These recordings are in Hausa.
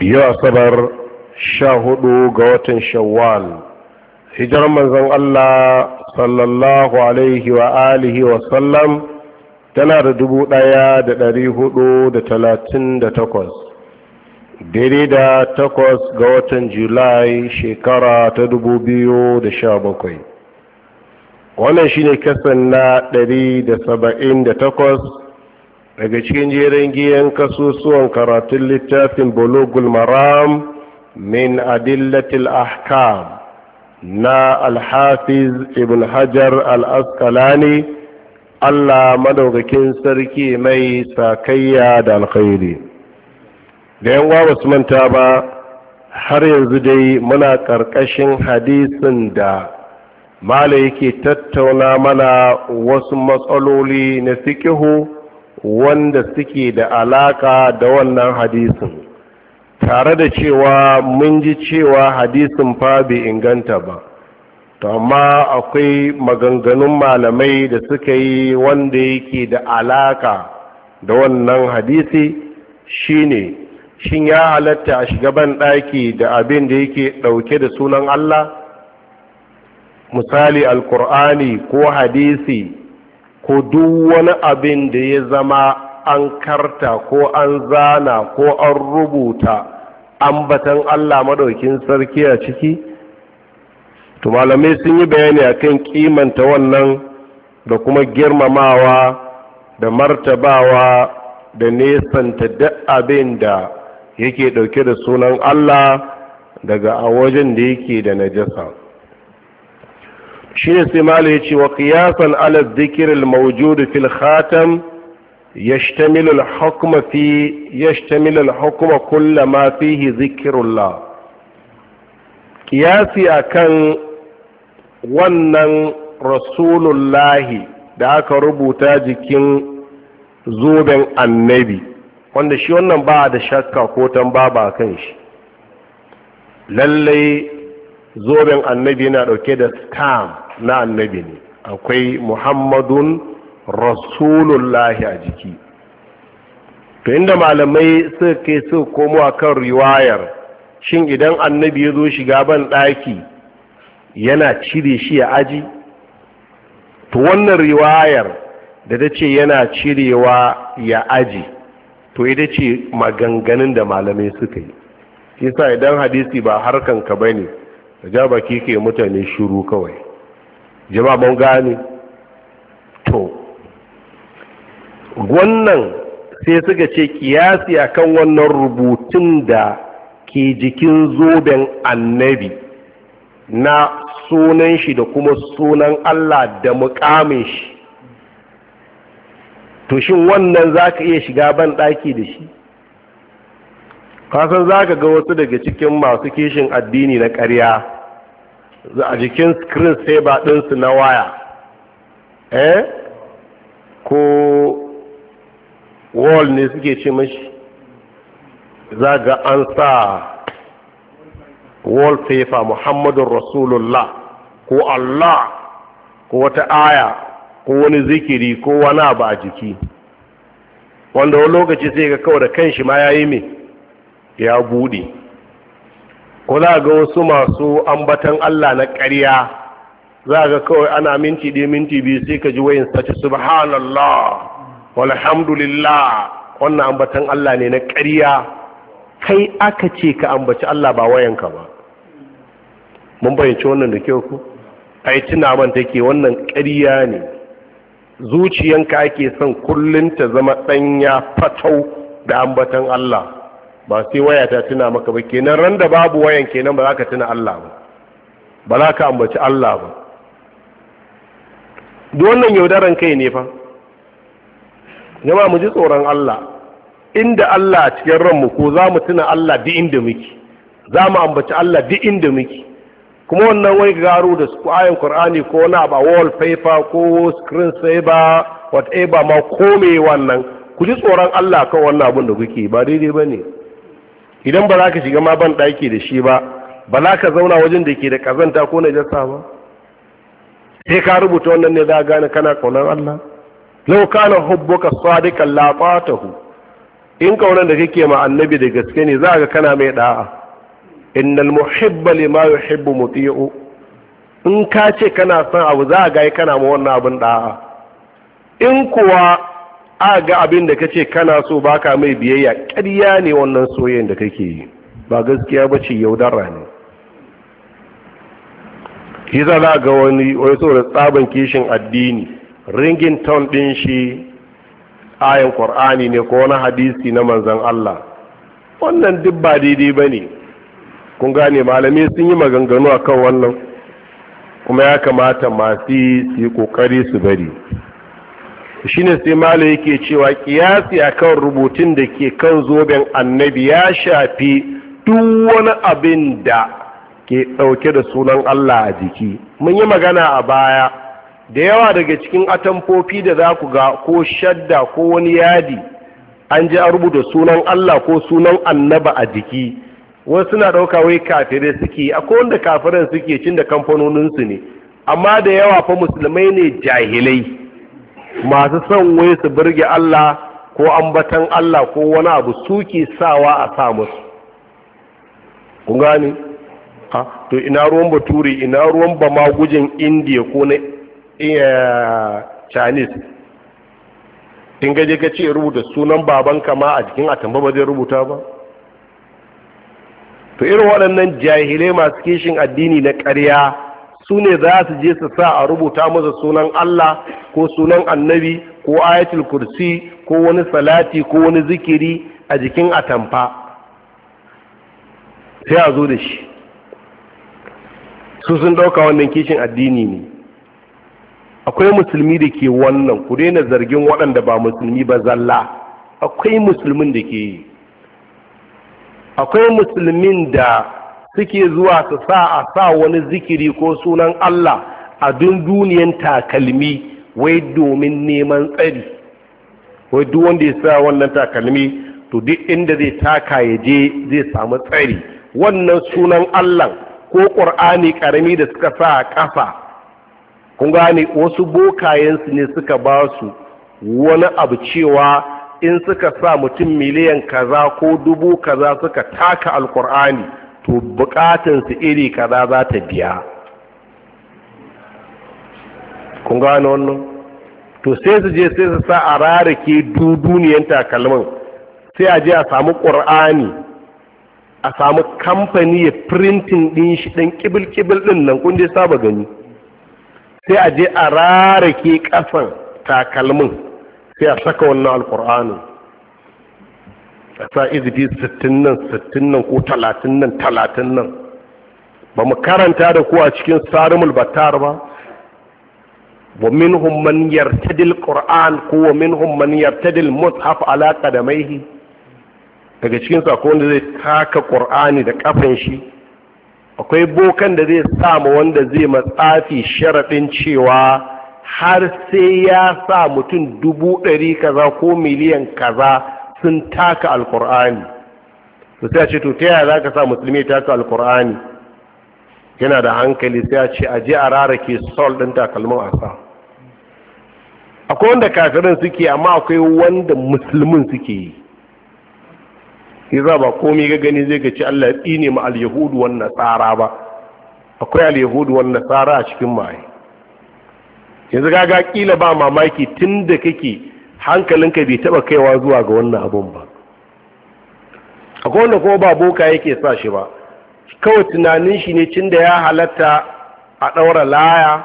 yau asabar sha hudu ga watan shawwal hijirar manzon Allah sallallahu alaihi wa alihi wa sallam tana da dubu daya da dari hudu da talatin da takwas daidai da takwas ga watan julai shekara ta dubu biyu da sha bakwai wannan shine kasan na dari da saba'in da takwas daga cikin jerin giyan kasusuwan karatun littafin bulugul maram min adillatil ahkam na alhafiz ibn hajar al'askalani allah madaukakin sarki mai sakayya da alkhairi da ba basu manta ba har yanzu dai muna ƙarƙashin hadisin da mala yake tattauna mana wasu matsaloli na fikihu wanda suke da alaka da wannan hadisin tare da cewa mun ji cewa hadisin fa bai inganta ba to amma akwai maganganun malamai da suka yi wanda yake da alaka da wannan hadisi shine shin ya halatta a shiga ban ɗaki da abin da yake ɗauke da sunan Allah misali alkur'ani ko hadisi ko duk wani abin da ya zama an karta ko an zana ko an rubuta ambatan Allah madaukin sarki a ciki to malamai sun yi bayani akan kimanta wannan da kuma girmamawa da martabawa da nesanta duk abin da yake dauke da sunan Allah daga a wajen da yake da najasa shi ne sai malu ya ce wa kiyasan ala zikirin maujudu fil khatam yashtamilu al-hukma fi yashtamilu al-hukma kulla ma fihi zikirullah kiyasi akan wannan rasulullahi da aka rubuta jikin zoben annabi wanda shi wannan ba da shakka ko tamba ba kan shi lallai zoben annabi yana dauke da stamp na annabi ne akwai muhammadun rasulullahi a jiki to inda malamai suka ke su komo a kan riwayar shin idan annabi ya zo shiga ban ɗaki yana cire shi ya aji to wannan riwayar da ta ce yana cirewa ya aji to ita ce maganganun da malamai suka yi kisa idan hadisi ba harkanka ba ne da ja baki ke mutane shuru kawai jama'a gane to wannan sai suka ce kiyasi akan wannan rubutun da ke jikin zoben annabi na sunan shi da kuma sunan Allah da mukamin shi to shin wannan za ka iya shiga ban ɗaki da shi kasan za ka ga wasu daga cikin masu kishin addini na ƙarya a jikin screen saver ɗinsu na waya eh ko wall ne suke ce mashi za ga an sa wallpaper muhammadun rasulullah ko allah ko wata aya ko wani zikiri ko wani abu a jiki wanda wani lokaci sai ga kawo da kanshi ma ya yi mai ya buɗe a ga wasu masu ambatan Allah na ƙarya za ga kawai ana minti ɗaya minti biyu sai ka ji wayin sace subhanallah walhamdulillah wannan ambatan Allah ne na ƙarya kai aka ce ka ambaci Allah ba wayanka ba mun bayyance wannan da kyau ku ai tuna man take wannan ƙarya ne zuciyanka ake son kullum ta zama ɗanya fatau da ambatan Allah ba sai waya ta tuna maka ba kenan ran da babu wayan kenan ba za ka tuna Allah ba ba za ka ambaci Allah ba duk wannan yaudaran kai ne fa jama mu ji tsoron Allah inda Allah a cikin ranmu ko za mu tuna Allah duk inda muke za mu ambaci Allah duk inda muke kuma wannan wai garu da su ayin Qur'ani ko na ba wall paper ko screen saver whatever ma ko wannan ku ji tsoron Allah kan wannan abin da kuke ba daidai bane idan ba za ka shiga ma ban ɗaki da shi ba ba za ka zauna wajen da ke da ƙazanta ko na jasa ba sai ka rubuta wannan ne za a gane kana ƙaunar Allah lau kana hubbuka sadiqan la fatahu in ƙaunar da kake ma annabi da gaske ne za ga kana mai da'a innal muhibba lima yuhibbu muti'u in ka ce kana son abu za a ga kana ma wannan abin ɗa'a? in kuwa a ga abin da ka ce kana so baka mai biyayya ƙarya ne wannan soyayyen da kake yi ba gaskiya ba ce yaudara ne shi za ga wani wani da tsaban kishin addini ringin ton ɗin shi ayin ƙwar'ani ne ko wani hadisi na manzan Allah wannan duk ba daidai ba ne kun gane malami sun yi maganganu a kan wannan kuma ya kamata masu yi ƙoƙari su bari shine sai malai yake cewa kiyasi akan rubutun da ke kan zoben annabi ya shafi duk wani abin da ke ɗauke da sunan Allah a jiki mun yi magana a baya da yawa daga cikin atamfofi da za ku ga ko shadda ko wani yadi an ji a rubuta sunan Allah ko sunan annaba a jiki wasu na ɗauka wai kafirai suke akwai wanda kafiran suke cin da kamfanoninsu ne amma da yawa fa musulmai ne jahilai masu son wai su burge Allah ko ambatan Allah ko wani abu suke sawa a sa musu kun gani? ha to ina ruwan baturi ina ruwan ba magujin indiya ko na eh, chinese in gaje ka ce rubuta sunan baban ma a jikin atamba ba zai rubuta ba to irin waɗannan jahilai masu kishin addini na ƙarya su ne za su je su sa a rubuta masa sunan Allah ko sunan annabi ko ayatul kursi ko wani salati ko wani zikiri a jikin atamfa sai a zo da shi su sun ɗauka wannan kishin addini ne akwai musulmi da ke wannan ku daina zargin waɗanda ba musulmi ba zalla akwai musulmin da ke yi akwai musulmin da suke zuwa su sa a sa wani zikiri ko sunan Allah a dunduniyar takalmi wai domin neman tsari wai duk wanda ya sa wannan takalmi to duk inda zai taka ya je zai samu tsari wannan sunan Allah ko ƙur'ani ƙarami da suka sa a ƙasa kun gane wasu bokayensu ne suka ba su wani abu cewa in suka sa mutum miliyan kaza ko dubu kaza suka taka alƙur'ani to bukatansu iri kaza za ta biya kun gano wannan to sai su je sai su sa a rarake duduniyan takalmin sai a je a samu ƙur'ani a samu kamfani ya printin ɗin shi ɗin ƙibil-ƙibil ɗin nan kun je saba gani sai a je a rarake ƙasan takalmin sai a saka wannan alƙur'anin a sa izifi sittin nan sittin nan ko talatin nan talatin nan ba mu karanta da ku a cikin sarimul battar ba wa minhum man yartadil qur'an ko wa minhum man yartadil mushaf ala qadamaihi daga cikin sa ko wanda zai taka qur'ani da kafan shi akwai bokan da zai sa ma wanda zai matsafi sharadin cewa har sai ya sa mutum dubu ɗari kaza ko miliyan kaza sun taka alkur'ani su ta ce to ta yaya za ka sa musulmi taka alkur'ani yana da hankali sai a ce a ji a ke sol ɗin takalmin a sa akwai wanda kafirin suke amma akwai wanda musulmin suke yi za ba komai ga gani zai ga ci Allah ya tsine ma alyahudu wannan tsara ba akwai alyahudu wannan tsara a cikin maye yanzu gaga kila ba mamaki tun da kake hankalinka bai taba kaiwa zuwa ga wannan abun ba akwai wanda kuma ba boka yake sa shi ba kawai tunanin shi ne cin da ya halatta a ɗaura laya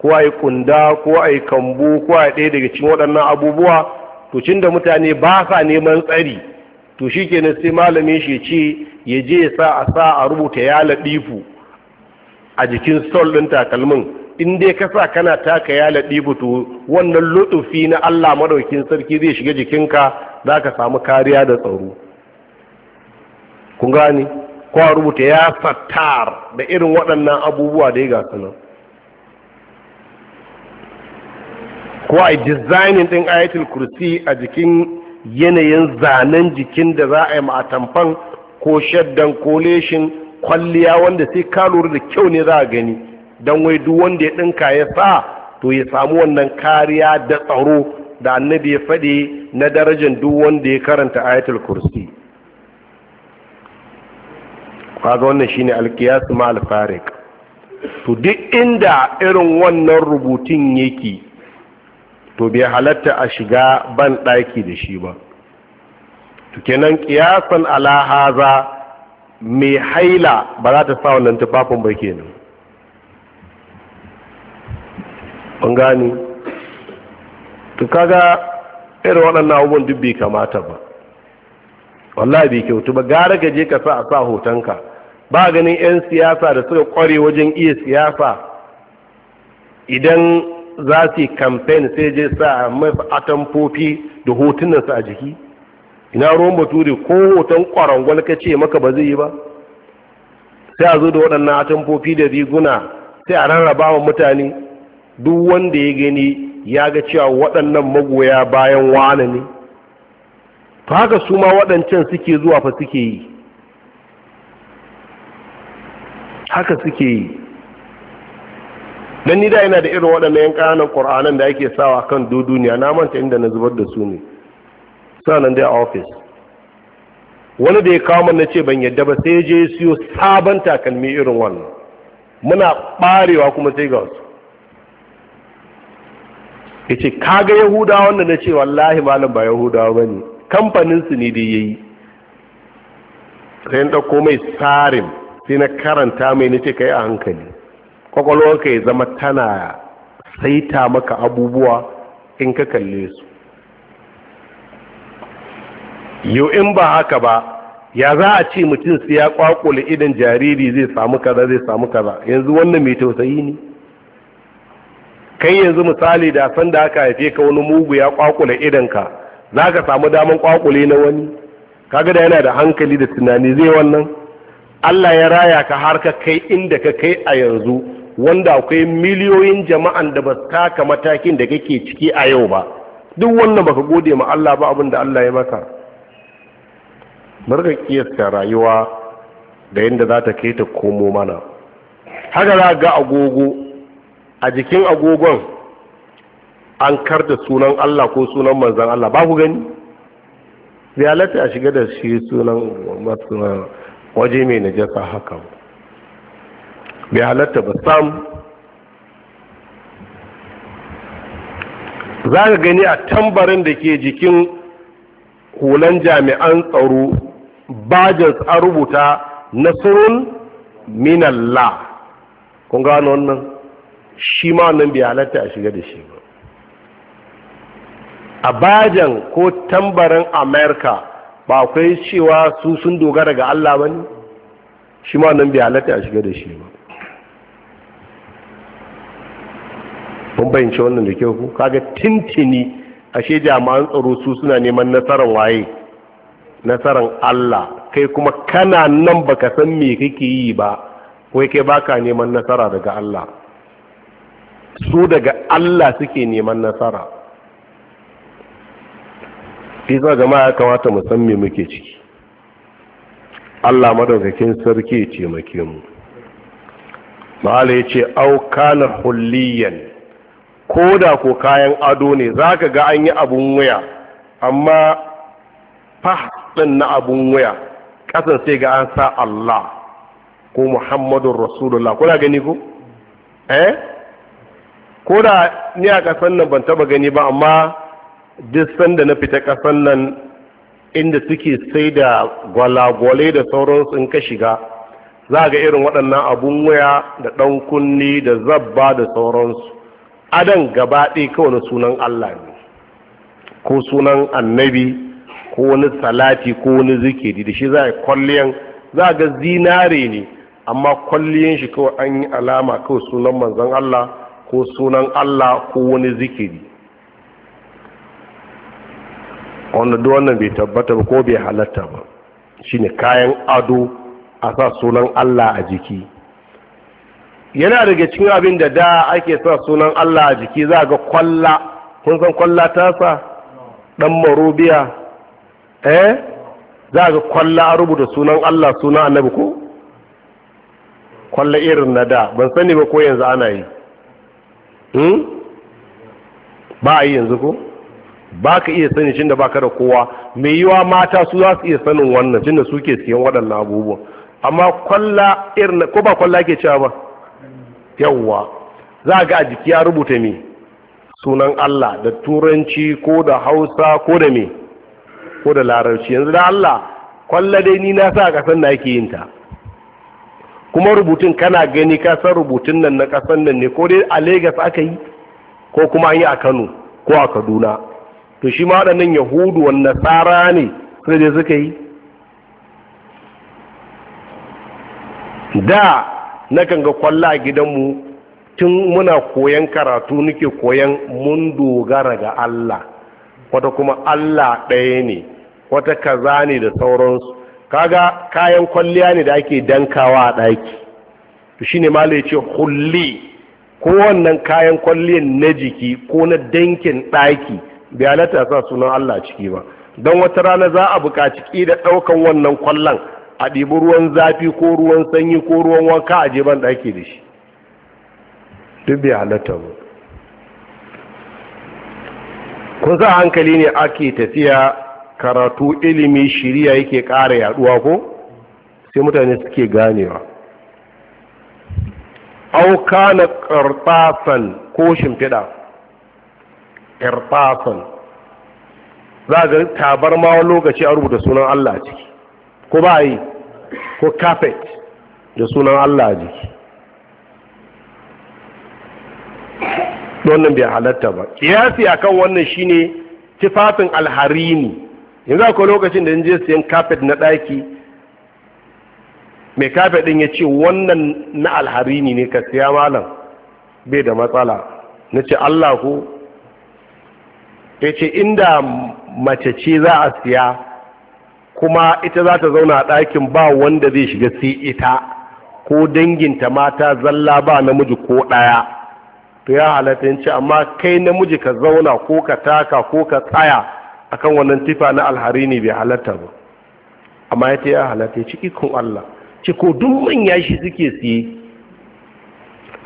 ko a yi kunda ko a yi kambu ko a ɗaya daga cikin waɗannan abubuwa to cin da mutane ba sa neman tsari to shi ke sai malamin shi ce ya je sa a sa a rubuta ya laɗifu a jikin sol ɗin takalmin in dai ka sa kana taka ya laɗi butu wannan lutufi na Allah madaukin sarki zai shiga jikinka za ka samu kariya da tsaro Ku gani kwa rubuta ya fattar da irin waɗannan abubuwa da ya gasu nan ko a dizainin ɗin ayatul kursi a jikin yanayin zanen jikin da za a yi ma'atamfan ko shaddan ko leshin kwalliya wanda sai ka lura da kyau ne za a gani don wai duk wanda ya ɗinka ya sa to ya samu wannan kariya da tsaro da annabi ya faɗi na darajar duk wanda ya karanta ayatul kursi kaga wannan shine alkiyas ma alfarik to duk inda irin wannan rubutun yake to bai halatta a shiga ban ɗaki da shi ba to kenan kiyasan alahaza mai haila ba za ta sa wannan tufafin ba kenan an gani to kaga irin waɗannan abubuwan duk bai kamata ba wallahi bai kyautu ba gara ka je ka sa a sa hotonka ba ganin 'yan siyasa da suka kware wajen iya siyasa idan za su yi kamfen sai je sa mafi atamfofi da hotunansu a jiki ina ruwan baturi ko hoton kwarangwal ka ce maka ba zai yi ba sai a zo da waɗannan atamfofi da riguna sai a rarraba wa mutane duk wanda ya gani ya ga cewa waɗannan magoya bayan wane ne to haka su ma waɗancan suke zuwa fa suke yi haka suke yi don ni da yana da irin waɗannan yan ƙananan ƙur'anan da ake sawa kan duniya na manta inda na zubar da su ne sanan dai a ofis wani da ya kawo na ce ban yadda ba sai je siyo sabon takalmi irin wannan muna ɓarewa kuma sai ga wasu ya ce kaga yahudawa wanda na ce wallahi malam ba yahudawa ba ne kamfaninsu ne da ya yi sai ɗauko mai tsarin sai na karanta mai na ce ka yi a hankali kwakwalwarka ya zama tana saita maka abubuwa in ka kalle su yau in ba haka ba ya za a ce mutum sai ya kwakwale idan jariri zai samu kaza zai samu kaza yanzu wannan mai tausayi ne kai yanzu misali da san da aka haife ka wani mugu ya kwakula idanka za ka samu daman kwakule na wani kaga da yana da hankali da tunani zai wannan Allah ya raya ka har ka kai inda ka kai a yanzu wanda akwai miliyoyin jama'an da ba ka matakin da kake ciki a yau ba duk wannan baka gode ma Allah ba abin da Allah ya maka barka kiyasta rayuwa da yanda za ta kai ta komo mana haka za ga agogo a jikin agogon an kar da sunan Allah ko sunan manzan Allah ba ku gani zai halatta a shiga da shi sunan waje mai najasa haka bai halatta ba sam za ka gani a tambarin da ke jikin hulan jami'an tsaro bajins an rubuta nasarun minalla. kun gano wannan shi ma wannan bai halatta a shiga da shi ba a bajan ko tambarin amerika ba akwai cewa su sun dogara ga allah ba ne shi ma wannan bai halatta a shiga da shi ba Ban bayyance wannan da kyau kaga tintini ashe jami'an tsaro su suna neman nasarar waye nasarar allah kai kuma kana nan baka san me kake yi ba kai kai baka neman nasara daga allah su daga Allah suke neman nasara isa jama'a ya kamata musamman muke ciki Allah madaukakin sarki ya ce make mu ma'ala ya ce aukana hulliyan ko da ko kayan ado ne za ka ga an yi abun waya, amma fahimtin na abun waya, ƙasan sai ga an sa Allah ko muhammadun rasulullah kuna gani ku? eh ko da ni a ƙasan nan ban taba gani ba amma duk sanda na fita kasan nan inda suke sai da gwalagwale da sauransu in ka shiga za ga irin waɗannan abun waya da ɗan kunni da zabba da sauransu adan gaba kawai sunan allah ne ko sunan annabi ko wani salati ko wani zikiri da shi za a yi kwalliyan za ga zinare ne amma kwalliyan shi kawai an yi alama kawai sunan manzon allah ko sunan Allah ko wani zikiri wanda duk wannan bai tabbata ba ko bai halatta ba shine kayan ado a sa sunan Allah a jiki yana daga cikin abin da da ake sa sunan Allah a jiki za ga kwalla kun san kwalla ta sa dan marubiya eh za ga kwalla a rubuta sunan Allah suna annabi ko kwalla irin na da ban sani ba ko yanzu ana yi Hmm? ba a yi yanzu ko ba ka iya sani cin da ba ka da kowa mai yiwa mata su za su iya sanin wannan cin da suke siyan waɗannan abubuwan amma kwalla irin ko ba kwalla ke cewa ba yawwa za ga a jiki ya rubuta me sunan Allah da turanci ko da hausa ko da me ko da larabci yanzu da Allah kwalla dai ni na sa kasan da ake yin ta kuma rubutun kana gani ka san rubutun nan na kasan nan ne ko dai a Legas aka yi ko kuma an yi a Kano ko a Kaduna to shi ma waɗannan Yahudu wanda tsara ne sai dai suka yi da na ganga ga kwallo a gidanmu tun muna koyan karatu nake koyan mun dogara ga Allah wata kuma Allah ɗaya ne wata kaza ne da sauransu kaga kayan kwalliya ne da ake dankawa a ɗaki to shine malai ya ce hulli ko wannan kayan kwalliyan na jiki ko na dankin ɗaki bai halatta sa sunan Allah ciki ba don wata rana za a buƙaci ki da ɗaukan wannan kwallon a ɗibi ruwan zafi ko ruwan sanyi ko ruwan wanka a jeban ɗaki da shi duk bai halatta ba kun sa hankali ne ake tafiya karatu ilimi shiriya yake ƙara yaduwa ko sai mutane suke ganewa auka na ƙarfasan ko shimfiɗa ƙarfasan za ga tabar wani lokaci a rubuta sunan Allah ciki ko ba yi ko kafet da sunan Allah jiki wannan bai halatta ba kiyasi akan wannan shine tifafin alharini yanzu akwai lokacin da je siyan kafet na ɗaki mai kafet ɗin ya ce wannan na alharini ne ka siya malam bai da matsala na ce allah ku. ya ce inda mace ce za a siya kuma ita za ta zauna a ɗakin ba wanda zai shiga sai ita ko danginta mata zalla ba namiji ko ɗaya to ya halatta ce amma kai namiji ka zauna ko ka taka ko ka tsaya akan wannan tifa na alhari ne bai halatta ba amma ya ce ya halatta ya ci ikon Allah ce ko duk manya shi suke siye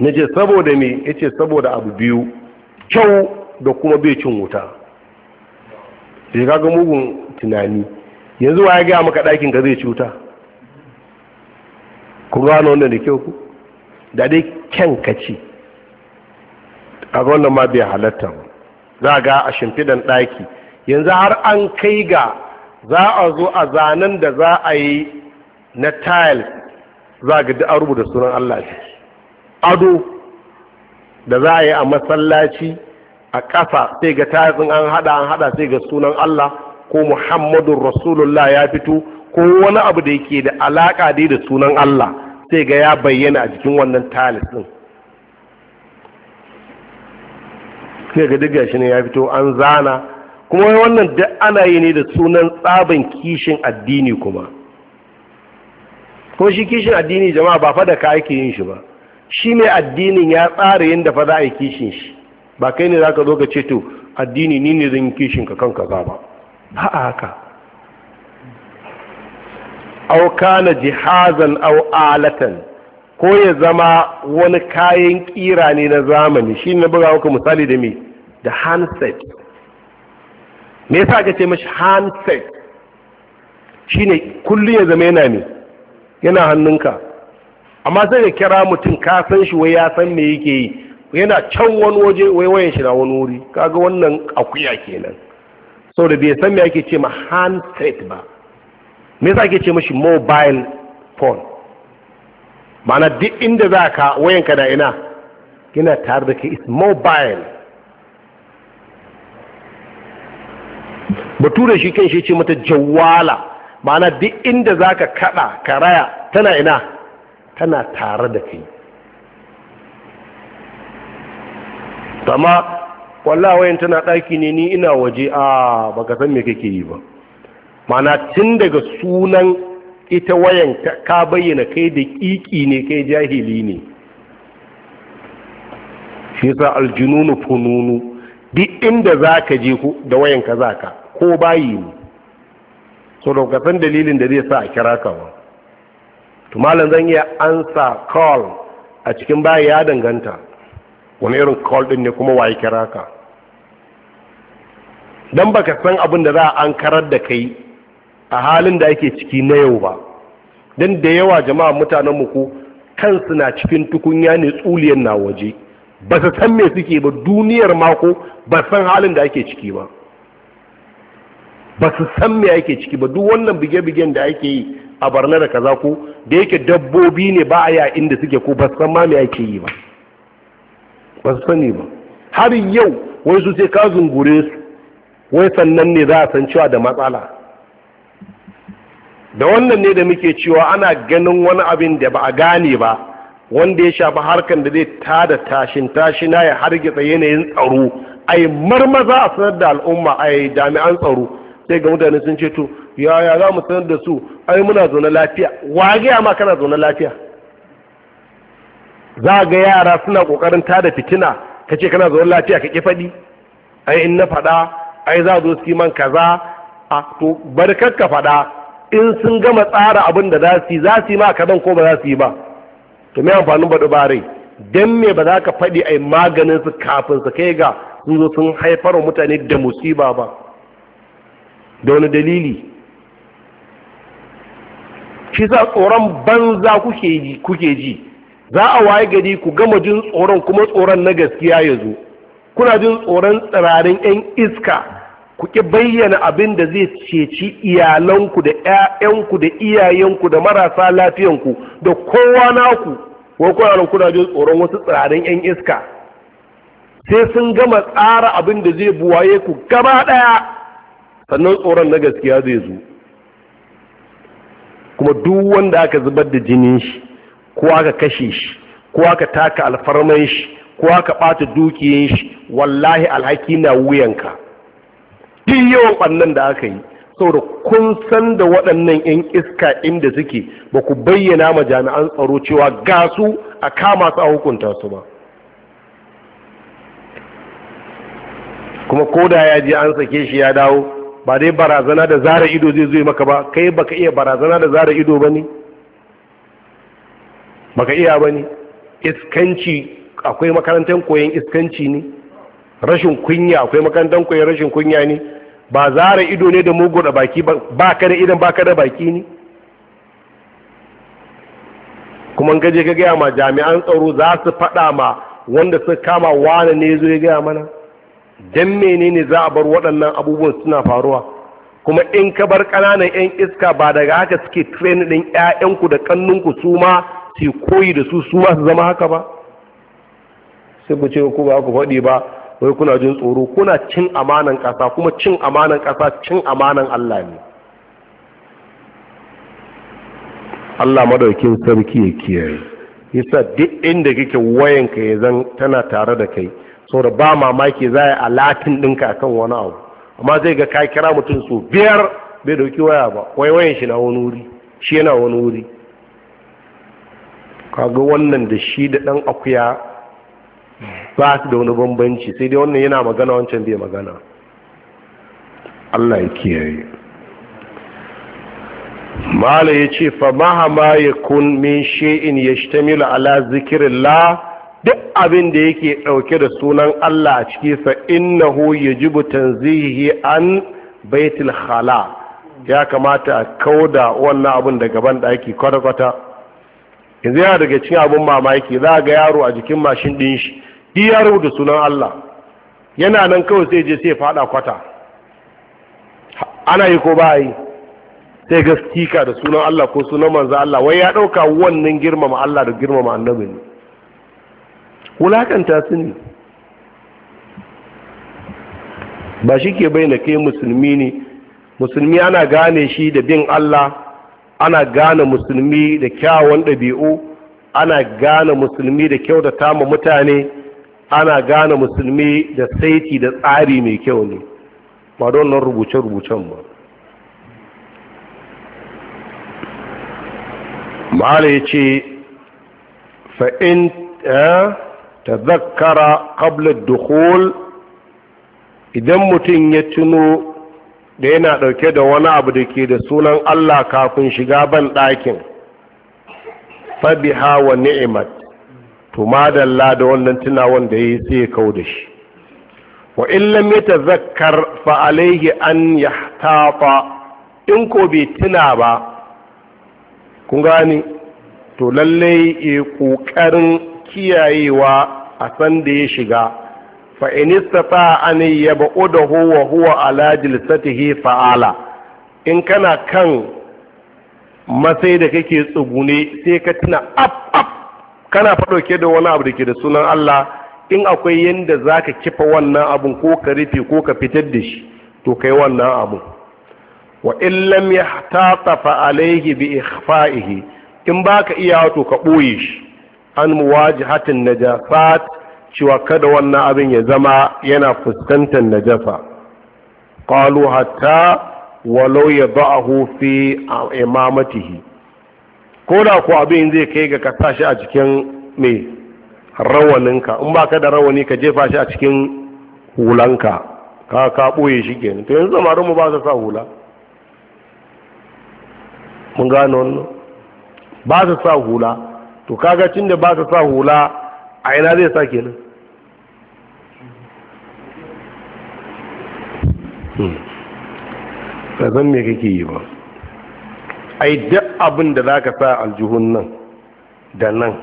na ce saboda me ya ce saboda abu biyu kyau da kuma bai cin wuta sai kaga mugun tunani yanzu wa ya gaya maka ɗakin ka zai ci wuta ku gano wanda da kyau ku da dai kyan ka ci a wannan ma bai halatta ba za a ga a shimfidan ɗaki yanzu har an kai ga za a zo a zanen da za a yi na tile za ga da rubuta sunan Allah ado da za a yi a masallaci a ƙasa sai ga tasirin an hada an hada sai ga sunan Allah ko Muhammadun Rasulullah ya fito ko wani abu da yake da alaƙa dai da sunan Allah sai ga ya bayyana a jikin wannan talis din sai ga duk gashi ne ya fito an zana kuma wannan duk ana yi ne da sunan tsaban kishin addini kuma ko shi kishin addini jama'a ba fa da ka ake yin shi ba shi mai addinin ya tsara yadda fa za a yi kishin shi ba kai ne za ka zo ka ce to addini ni ne zan yi kishin ka kanka kaza ba ba a haka auka na jihazan au alatan ko ya zama wani kayan kira ne na zamani shi na buga maka misali da me da handset me yasa aka ce mashi handset shine kullu ya zama yana ne yana hannunka amma sai ka kira mutum ka san shi wai ya san me yake yi yana can wani waje wai wayan shi na wani wuri kaga wannan akuya kenan saboda bai san me ake ce ma handset ba me yasa ake ce mashi mobile phone ma'ana duk inda za ka wayanka da ina yana tare da kai is mobile bature shi kan shi ce mata jawala ma'ana duk inda za ka kaɗa karaya tana ina tana tare da kai tama wallah tana ɗaki ne ni ina waje a baka san me kake yi ba ma'ana tun daga sunan ita wayan ka bayyana kai da ƙiƙi ne kai jahili ne shi sa aljununu fununu duk inda za ka je ku da wayanka za ka ko bayi ne so da san dalilin da zai sa a kira ka ba to zan iya ansa call a cikin bayi ya danganta wani irin call din ne kuma waye kira ka dan baka san abin da za a an karar da kai a halin da ake ciki na yau ba dan da yawa jama'a mutanen mu ko kansu na cikin tukunya ne tsuliyan na waje ba su san me suke ba duniyar mako ba san halin da ake ciki ba ba su san me ake ciki ba duk wannan bige-bigen da ake yi a barna da kaza ko da yake dabbobi ne ba a inda suke ko ba su san ma me ake yi ba ba su sani ba har yau wai su sai ka zungure su wai sannan ne za a san cewa da matsala da wannan ne da muke cewa ana ganin wani abin da ba a gane ba wanda ya shafi harkan da zai tada tashin tashina ya hargitsa yanayin tsaro yi marmaza a sanar da al'umma a yi jami'an tsaro sai ga mutane sun ce to yaya za mu sanar da su ai muna zaune lafiya wagaya ma kana zaune lafiya za ga yara suna kokarin tada fitina ka ce kana zaune lafiya ka ki faɗi ai in na faɗa ai za zo su man kaza a to barkar ka faɗa in sun gama tsara abin da za su yi za su yi ma kazan ko ba za su yi ba to me amfanin ba barai don me ba za ka faɗi a maganin su kafin su kai ga sun zo sun haifar mutane da musiba ba da wani dalili shi sa tsoron banza kuke ji za a waye gari ku gama jin tsoron kuma tsoron na gaskiya ya zo kuna jin tsoron tsirarin 'yan iska ku ki bayyana abin da zai ceci iyalanku da 'ya'yanku da iyayenku da marasa lafiyanku da kowa naku wai kuna nan kuna jin tsoron wasu tsirarin 'yan iska sai sun gama tsara abin da zai buwaye ku gaba ɗaya sannan tsoron na gaskiya zai zo kuma duk wanda aka zubar da jinin shi ko aka kashe shi ko aka taka alfarman shi ko aka ɓata dukiyin shi wallahi alhaki na wuyanka fi yawan ɓannan da aka yi saboda kun san da waɗannan 'yan iska inda suke ba ku bayyana ma jami'an tsaro cewa ga su a kama su a hukunta su ba kuma ko da ya je an sake shi ya dawo ba dai barazana da zara ido zai zo maka ba kai baka iya barazana da zara ido ba ne baka iya ba ne iskanci akwai makarantar koyon iskanci ne rashin kunya akwai makarantar koyi rashin kunya ne ba zara ido ne da mugu da baki ba ka da idan ba ka da baki ne kuma gaje ka gaya ma jami'an tsaro za su faɗa ma wanda su kama wane ne zo ya gaya mana don menene za a bar waɗannan abubuwan suna faruwa kuma in ka bar ƙananan 'yan iska ba daga haka suke train ɗin 'ya'yanku da ƙannunku su ma su koyi da su su ma su zama haka ba sai ku ce ku ba ku faɗi ba wai kuna jin tsoro kuna cin amanan ƙasa kuma cin amanan ƙasa cin amanan Allah ne Allah madaukin sarki ya kiyaye yasa duk inda kike wayanka ya zan tana tare da kai saboda ba mamaki za a yi alatin ɗinka akan wani abu amma zai ga ka kira mutum su biyar bai dauki waya ba wai wayan shi na wani wuri shi yana wani wuri kaga wannan da shi da ɗan akuya ba su da wani bambanci sai dai wannan yana magana wancan bai magana Allah ya kiyaye mala ya ce fa mahama ya kun min she'in ya mila ala zikirin la duk abin da yake ɗauke da sunan Allah a ciki fa ya butan tanzihi an baitul hala ya kamata a kauda wannan abin da gaban ɗaki kwata-kwata yanzu yana daga cikin abin mamaki za a ga yaro a jikin mashin ɗin shi shi ya rubuta sunan Allah yana nan kawai sai je sai fada kwata ana yi ko ba yi sai ga stika da sunan Allah ko sunan manzo Allah wai ya dauka wannan girmama Allah da girmama annabi ne wulakanta su ne ba shi ke bayyana kai musulmi ne musulmi ana gane shi da bin Allah ana gane musulmi da kyawun ɗabi'u ana gane musulmi da kyautata ma mutane ana gane musulmi da saiti da tsari mai kyau ne ba don nan rubuce-rubucen ba ma'ala ya ce fa'in eh, ta zakara ƙablar duhul idan mutum ya tuno da yana ɗauke da wani abu da ke da sunan allah kafin shiga ban ɗakin fabiha wa ni'imat to madalla da wannan tunawan da ya yi sai ya kawo da shi wa illam ya tazakkar fa alaihi an ya tafa in ko bai tuna ba kun gani to lallai ya ƙoƙarin kiyayewa a san da ya shiga fa ta ya ba yab'u da huwa huwa ala jilsatihi fa'ala in kana kan masai da kake tsugune sai ka tuna ap ap kana faɗo ke da wani abu da ke da sunan Allah in akwai yadda za ka kifa wannan abin ko ka rufe ko ka fitar da shi to kai wannan abun wa in lam yahtatafa alayhi bi ikhfa'ihi in baka iya to ka boye shi an muwajihatin najafat cewa kada wannan abin ya zama yana fuskantar najafa qalu hatta walau yadahu a imamatihi ko da ko abin zai kai ga ka shi a cikin mai rawaninka in ba ka da rawani ka jefa shi a cikin hulanka ka ka ɓoye shi kenan to yanzu samarin mu ba su sa hula mun gano wannan ba su sa hula to kaga cin da ba su sa hula a ina zai sa kenan hmm. ka san me kake yi ba ai duk abin da zaka sa aljihun nan da nan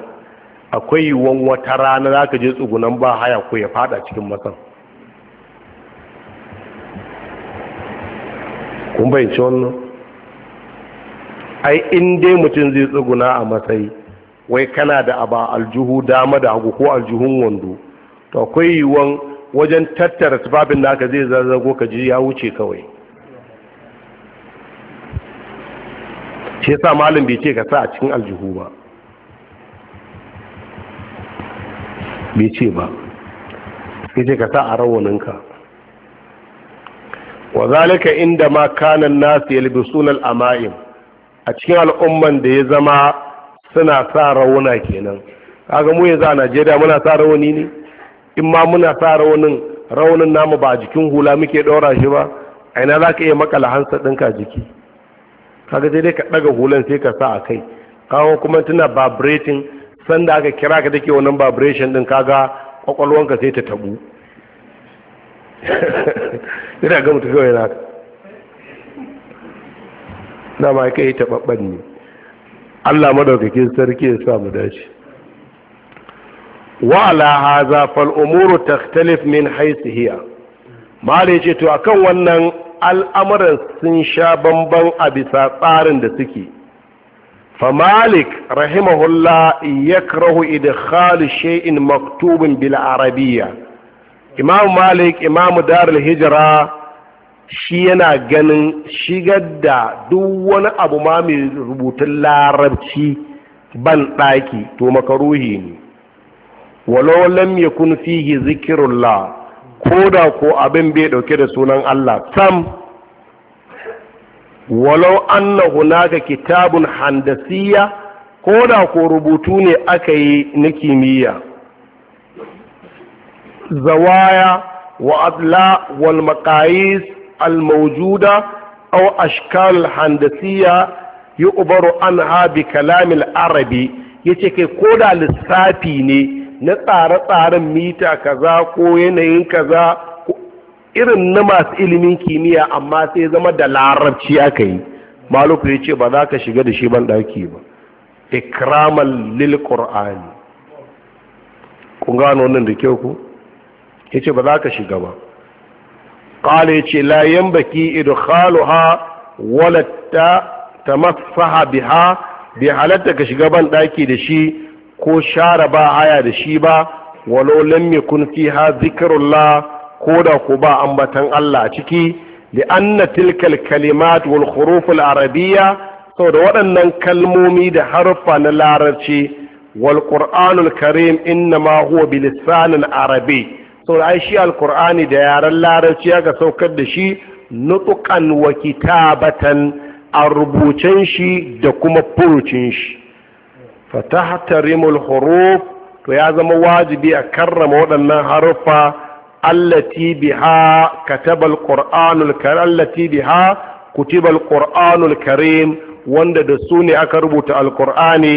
akwai yiwuwan wata rana zaka je tsugunan ba haya ko ya fada cikin masan kun bayyance wannan ai in dai mutum zai tsuguna a matsayi wai kana da aba aljuhu dama da hagu ko aljihun wando to akwai yiwuwan wajen tattara tufafin da aka zai zazzago ka ji ya wuce kawai shi yasa malam bai ce ka sa a cikin aljihu ba bai ce ba sai ce ka sa a rawaninka wa zalika inda ma kanan nasu yalbisuna al'ama'im a cikin al'umman da ya zama suna sa rawuna kenan kaga mu yanzu a Najeriya muna sa rawuni ne in ma muna sa rawunin rawunin namu ba a jikin hula muke ɗora shi ba a ina za ka iya makala hansa ɗinka jiki kaga sai dai ka daga hulan sai ka sa a kai kawo kuma tana vibrating sanda aka kira ka take wannan vibration din kaga kwakwalwanka sai ta tabu ina ga mutu kawai na na ma kai taɓaɓɓen ne Allah madaukakin sarki ya sa mu dace wa ala hadha fal umuru takhtalif min haythu hiya mala ce to akan wannan al'amuran sun sha bamban a bisa tsarin da suke famalik rahimahullah ya karahu idkhalu shay'in maktubin bil imam malik imam darul hijira shi yana ganin shigar da duk wani abu ma mai rubutun larabci ban ɗaki to makaruhi ne walau lam yakun fihi zikirullah ko da ko abin bai dauke da sunan Allah sam walau anna hunaka kitabun handasiya ko da ko rubutu ne aka yi na kimiyya zawaya wa adla wal maqayis al mawjuda aw ashkal handasiya yu'baru anha bi kalam al arabi yace kai ko da lissafi ne na tsare-tsaren mita kaza ko yanayin kaza irin na masu ilimin kimiyya amma sai zama da larabci aka yi malufu ya ce ba za ka shiga da shi ban ɗaki ba ikraman lil qur'ani kun gano wannan da kyau ku ya ce ba za ka shiga ba ƙala ya ce layan baki khaluha walatta ta masaha biha bi halatta ka shiga ban ɗaki da shi ko share ba haya da shi ba walau lam yakun fiha zikrullah ko da ku ba ambatan Allah a ciki li anna tilkal kalimat wal huruf al arabiyya saboda waɗannan kalmomi da harfa na larabci wal qur'anul karim innama huwa bi lisanil arabi saboda ai shi alqur'ani da yaren larabci aka saukar da shi nutqan wa kitabatan a rubucin shi da kuma furucin shi fatahtarimul huruf to ya zama wajibi a karrama waɗannan haruffa allati biha katabal qur'anul allati biha kutibal qur'anul karim wanda da su ne aka rubuta alqur'ani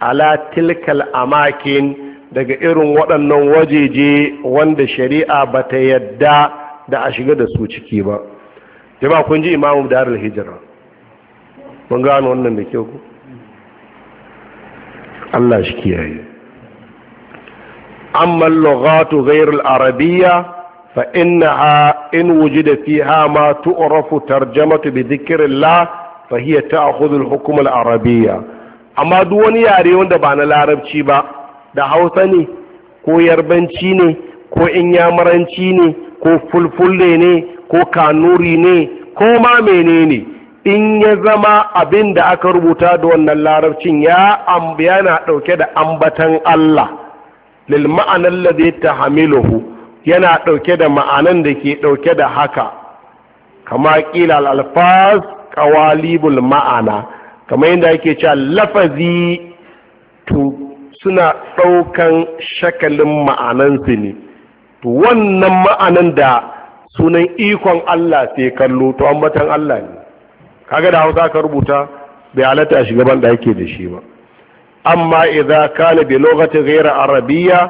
ala tilkal amakin daga irin waɗannan wajeje wanda shari'a ba ta yadda da a shiga da su ciki ba jama'a kun ji imamu darul hijira mun gano wannan da kyau ku Allah shi kiyaye amma lughatu ghayr al-arabiyya fa innaha in wujida fiha ma tu'rafu tarjamatu bi dhikrillah fa hiya ta'khudhu al-hukm al-arabiyya amma duk wani yare wanda ba na larabci ba da Hausa ne ko yarbanci ne ko inyamuranci ne ko fulfulle ne ko kanuri ne ko ma menene in ya zama abin da aka rubuta da wannan larabcin ya yana ɗauke da ambatan Allah lil ma'anar ladai ta hamiluhu yana ɗauke da ma'anan da ke ɗauke da haka kama ƙila alfaz ƙawalibul ma'ana kamar yadda ake cewa lafazi to suna ɗaukan shakalin ma'anansu ne to wannan ma'anan da sunan ikon Allah sai kallo to ambatan Allah ne kaga da hausa ka rubuta bai halatta a shiga banda yake da shi ba amma idza kana bi lughati gaira Arabiya,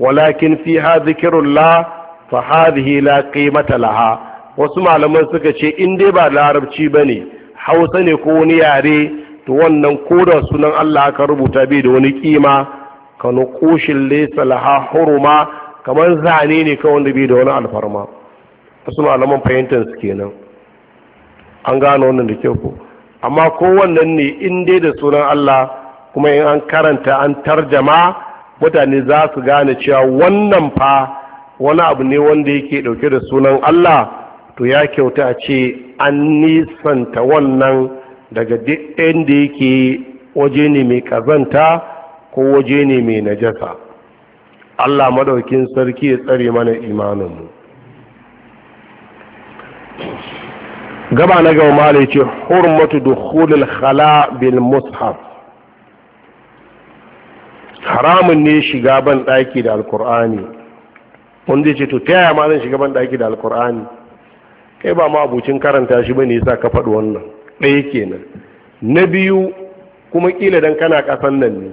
walakin fi fiha dhikrullah fa hadhihi la qimata laha wasu malaman suka ce in dai ba larabci bane hausa ne ko wani yare to wannan ko da sunan Allah aka rubuta bai da wani kima ka kushin laysa laha huruma kamar zane ne kawai da bai da wani alfarma wasu malaman fahimtar su kenan an gano wannan da kyau ko amma wannan ne in dai da sunan Allah kuma in an karanta an tarjama mutane za su gane cewa wannan fa wani abu ne wanda yake dauke da sunan Allah to ya kyauta a ce an nisanta wannan daga duk da yake waje ne mai kazanta ko waje ne mai najasa Allah madaukin sarki ya tsare mana imaninmu gaba na gaba malai ce hurmatu dukhulil khala bil mushaf haramun ne shiga ban daki da alkur'ani wanda ce to ta yaya ma zan shiga ban daki da alqur'ani kai ba ma abucin karanta shi bane yasa ka faɗi wannan ɗaya kenan na biyu kuma kila dan kana kasan nan ne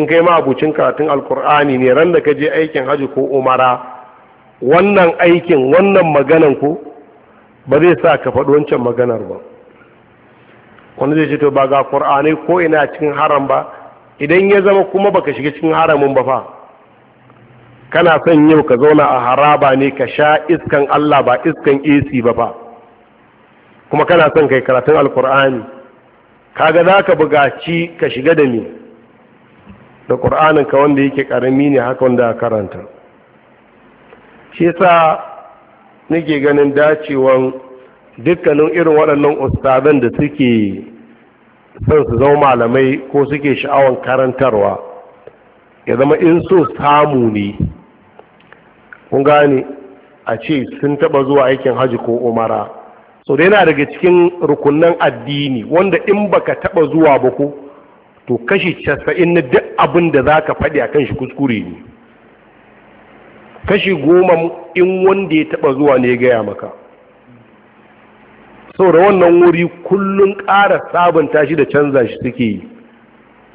in kai ma abucin karatun alkur'ani ne ran da ka je aikin haji ko umara wannan aikin wannan maganan ko ba zai sa ka faɗi wancan maganar ba wani zai ce to ba ga ƙur'ani ko ina cikin haram ba idan ya zama kuma baka shiga cikin haramin ba fa kana son yau ka zauna a haraba ne ka sha iskan Allah ba iskan AC ba fa kuma kana son kai karatun alkur'ani kaga za ka bugaci ka shiga da me da ƙur'anin wanda yake ƙarami ne haka wanda karanta shi yasa nake ganin dacewan dukkanin irin waɗannan ustazan da suke son su zama malamai ko suke sha'awan karantarwa ya zama in so samu ne kun gane a ce sun taba zuwa aikin hajji ko umara so da yana daga cikin rukunan addini wanda in baka taɓa zuwa ba ko to kashi casa'in na duk abin da za ka faɗi a kan shi kuskure ne kashi goma in wanda ya taba zuwa ne gaya maka sau da wannan wuri kullum ƙara sabunta shi da canza shi suke yi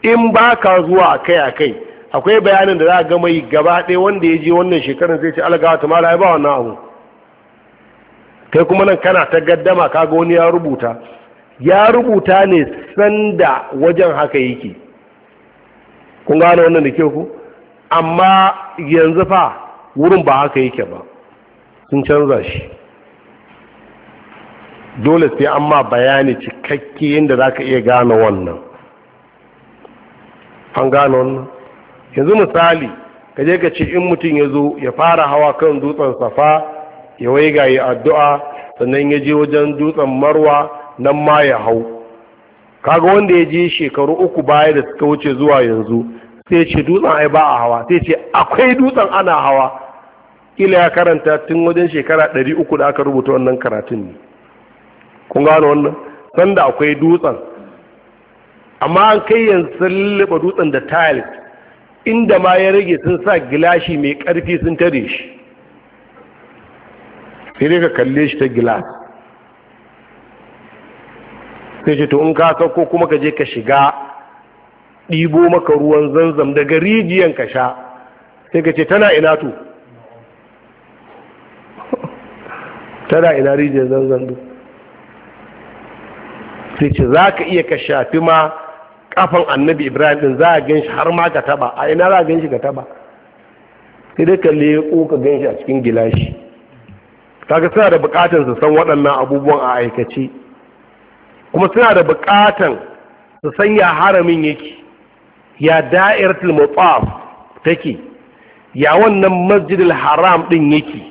in ba ka zuwa a kai akwai bayanin da za a gama yi gaba ɗaya wanda ya je wannan shekarun zai ce algawa wata mara ya ba wannan abu kai kuma nan kana ta gaddama ka ga wani ya rubuta ya rubuta ne sanda wajen haka yake kun gane wannan da ke ku amma yanzu fa wurin ba haka yake ba sun canza shi dole sai an ma bayani cikakke yadda za ka iya gane wannan an gane wannan yanzu misali ka je ka ce in mutum ya zo ya fara hawa kan dutsen safa ya waiga ya addu'a sannan ya je wajen dutsen marwa nan ma ya hau kaga wanda ya je shekaru uku baya da suka wuce zuwa yanzu sai ce dutsen ai ba a hawa sai ce akwai dutsen ana hawa kila ya karanta tun wajen shekara 300 da aka rubuta wannan karatun ne kun gano wannan sanda akwai dutsen amma an kai yanzu sun lullaba dutsen da tiles inda ma ya rage sun sa gilashi mai karfi sun tare shi sai dai ka kalle shi ta gilas sai ce to in ka sauko kuma ka je ka shiga ɗibo maka ruwan zanzam daga rijiyan ka sha sai ka ce tana ina to tana ina rijiyar zanzando sai ce za ka iya ka shafi ma kafan annabi ibrahim din za a gan shi har ma ka taba a ina za a gan shi ka taba sai dai ka leko ka gan shi a cikin gilashi kaga suna da bukatan su san waɗannan abubuwan a aikace kuma suna da bukatan su san ya haramin yake ya da'iratul mutaf take ya wannan masjidil haram din yake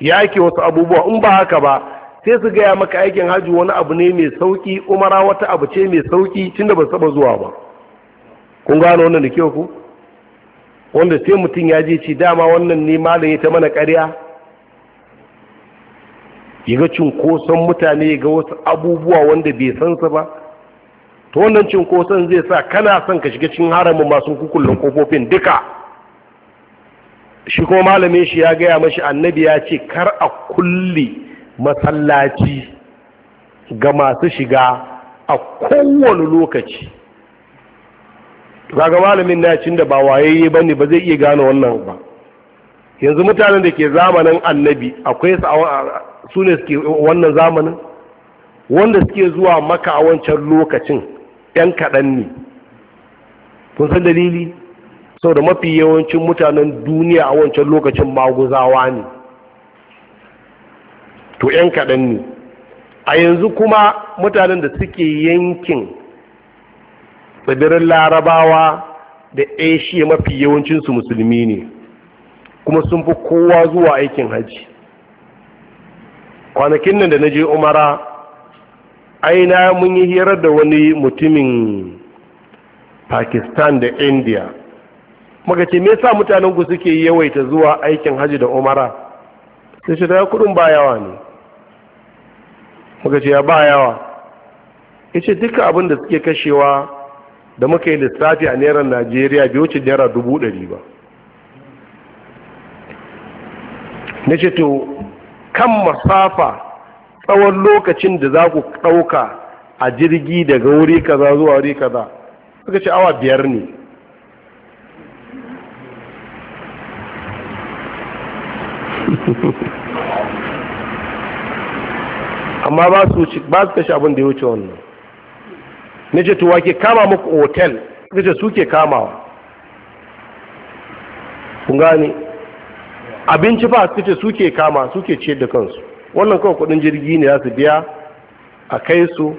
ya ake wasu abubuwa in ba haka ba sai su gaya maka aikin hajji wani abu ne mai sauki umara wata abu ce mai sauki tunda ba saba zuwa ba kun gano wannan da kyau ku wanda sai mutum ya je ci dama wannan ne malam ya ta mana karya? ya ga cinkoson mutane ga wasu abubuwa wanda bai san sa ba to wannan cinkoson zai sa kana son ka shiga cikin haramin masu kukullin kofofin duka shi ko malamin shi ya gaya mashi annabi ya ce kar a kulle masallaci ga masu shiga a kowane lokaci kaga malamin na cin da ba wayayye ba ne ba zai iya gane wannan ba yanzu mutanen da ke zamanin annabi akwai su ne suke wannan zamanin wanda suke zuwa maka a wancan lokacin 'yan kaɗan ne kun san dalili saboda mafi yawancin mutanen duniya a wancan lokacin maguzawa ne to 'yan kaɗan ne a yanzu kuma mutanen da suke yankin tsibirin larabawa da asia mafi yawancinsu musulmi ne kuma sun fi kowa zuwa aikin hajji kwanakin nan da na je umara aina mun yi hirar da wani mutumin pakistan da india muka ce me yasa mutanen ku suke yawaita zuwa aikin haji da umara sai shi da kudin ba yawa ne muka ce ya ba yawa yace duka abin da suke kashewa da muka yi lissafi a naira Najeriya bai wuce naira dubu ɗari ba na ce to kan masafa tsawon lokacin da za ku ɗauka a jirgi daga wuri kaza zuwa wuri kaza suka ce awa biyar ne amma ba su ba su kashe abin da ya wuce wannan na ce tuwa ke kama muku otel na ce su ke kamawa kun gane abinci ba su ce su ke kama su ke ce da kansu wannan kawai kudin jirgi ne za su biya a kai su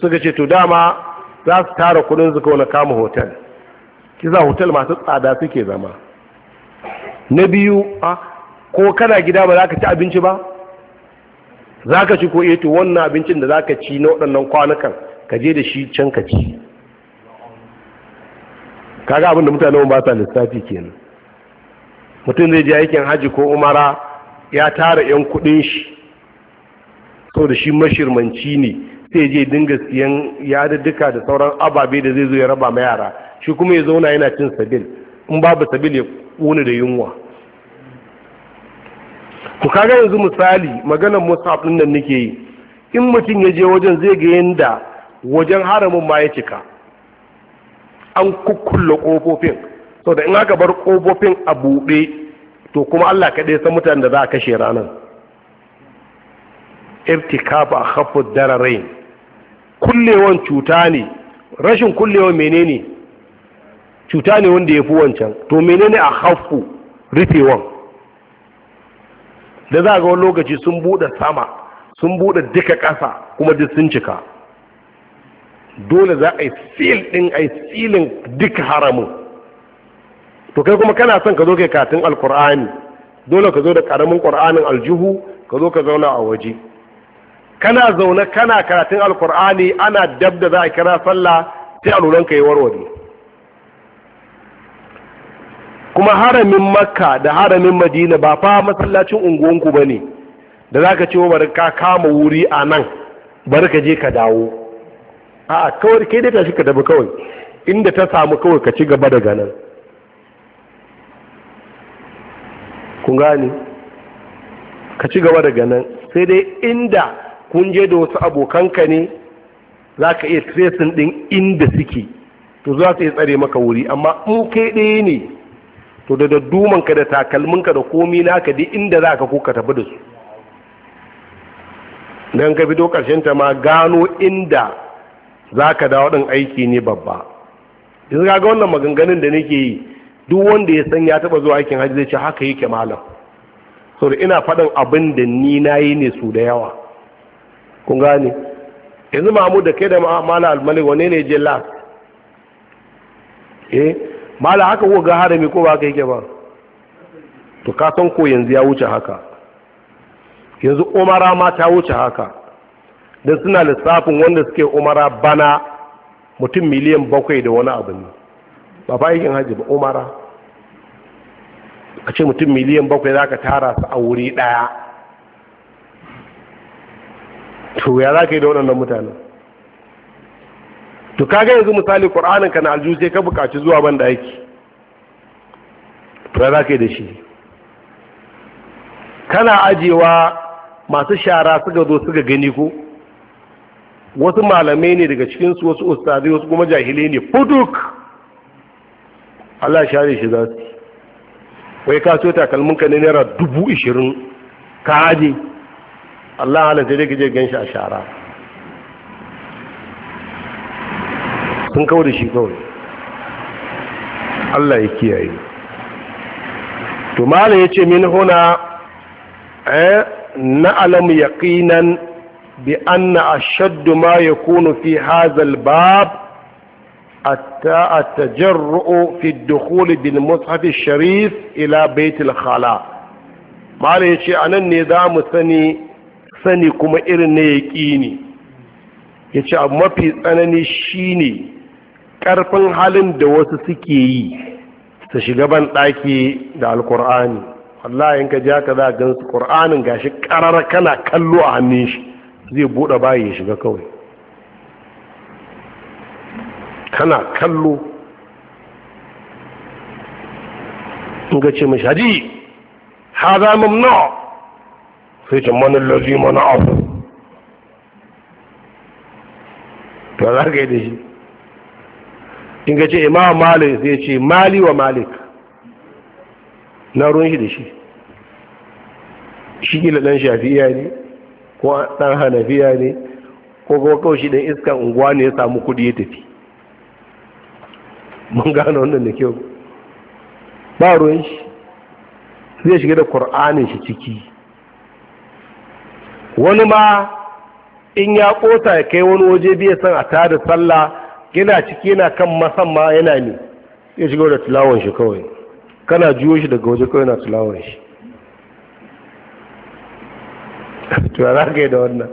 suka ce to dama za su tara kudin su kawai na kama hotel kiza hotel masu tsada suke zama na biyu a ah, ko kana gida ba za ka ci abinci ba za ka ci ko eto eh, wannan abincin da za ka ci na waɗannan kwanukan ka je da shi can ka ci kaga abinda mutane ba sa lissafi kenan mutum zai je aikin haji ko umara ya tara 'yan kudin shi so da shi mashirmanci ne sai je dinga siyan duka da sauran ababe da zai zo ya raba ma yara shi kuma ya zauna yana cin sabil in babu sabil ya ƙone da yunwa ku kaga yanzu misali maganar musaf din nan nake yi in mutum ya je wajen zai ga yanda wajen haramin ma ya cika an kukkulle kofofin da in aka bar kofofin a buɗe to kuma Allah kaɗai san mutanen da za a kashe ranar a khaffu dararain kullewan cuta ne rashin kullewan menene cuta ne wanda ya fi wancan to menene a khaffu rufewan da za ga wani lokaci sun buɗe sama sun buɗe duka ƙasa kuma duk sun cika dole za a yi sil ɗin a yi silin duka haramun to kai kuma kana son ka zo kai katin alkur'ani dole ka zo da ƙaramin ƙur'anin aljihu ka zo ka zauna a waje kana zaune kana karatun alkur'ani ana dab da za a kira sallah sai a ka yi warware kuma haramin makka da haramin madina ba fa masallacin unguwanku ba ne da za ka ce wa bari ka kama wuri a nan bari ka je ka dawo a kawai ke dai tashi ka tafi kawai inda ta samu kawai ka ci gaba daga nan Ku gane ka ci gaba daga nan sai dai inda kun je da wasu abokanka ne za ka iya tresin din inda suke to za su iya tsare maka wuri amma in kai ɗaya ne to da ka da takalminka da komi naka duk inda za ka ko ka tafi da su don ka fito ta ma gano inda za ka dawo ɗin aiki ne babba ka ga wannan maganganun da nake yi duk wanda ya san ya taɓa zuwa aikin hajji zai ce haka yake malam so da ina faɗin abin da ni na yi ne su da yawa kun gane yanzu mamu da kai da ma'amala almalik wane ne je las eh da haka ko ga harami ko ba ka yake ba to ka san ko yanzu ya wuce haka yanzu umara ma ta wuce haka don suna lissafin wanda suke umara bana mutum miliyan bakwai da wani abu ne ba fa haji ba umara a ce mutum miliyan bakwai za ka tara su a wuri daya. to ya za ka yi da waɗannan mutanen to kaga yanzu misali qur'anin ka na aljuzai sai ka bukaci zuwa to za ka yi da shi kana ajewa masu shara suka zo suka gani ko wasu malamai ne daga cikinsu wasu ustazai wasu kuma jahilai ne fuduk Allah share shi za su wai ka so ka ne naira dubu ishirin ka aje Allah halatta dai ka je gan shi a shara sun kawo da shi kawai Allah ya kiyaye to malai yace min huna eh na alamu yaqinan bi anna ashaddu ma yakunu fi hadha al-bab ash-sharif ila bayt al-khala malai yace anan ne za mu sani sani kuma irin ne yaqini yace ce abu mafi tsanani shine ƙarfin halin da wasu suke yi su shiga ban ɗaki da alkur'ani wallahi in ka ji haka za a gan su ƙur'anin gashi ƙarar kana kallo a hannun shi zai buɗe bayi ya shiga kawai kana kallo in ga ce mashi haji haza mamna sai ce manin lazi mana abu to za ka yi da shi in ka ce imam malik zai ce mali wa malik na ruwan shi da shi shi gila dan shafiya ne ko dan hanafiya ne ko kuma kawai shi dan iska unguwa ne ya samu kudi ya tafi mun gano wannan da kyau ba ruwan shi zai shiga da ƙur'anin shi ciki wani ma in ya kota ya kai wani waje biya san a tada sallah yana ciki yana kan masan ma yana ne ya shiga da tulawon shi kawai kana juyo shi daga waje kawai na tulawon shi tuwara ga yi da wannan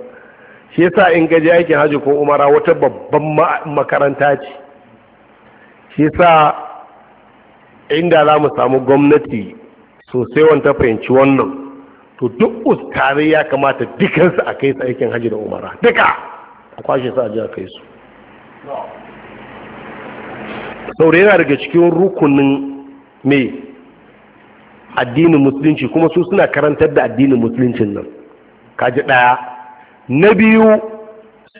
shi yasa in gaji aikin hajji ko umara wata babban makaranta ce shi yasa inda za mu samu gwamnati sosai wanta fahimci wannan to duk ustari ya kamata dukansu a kai su aikin hajji da umara duka a kwashe sa a ji a kai su saboda yana daga cikin rukunin mai addinin musulunci kuma su suna karantar da addinin musuluncin nan kaji ɗaya na biyu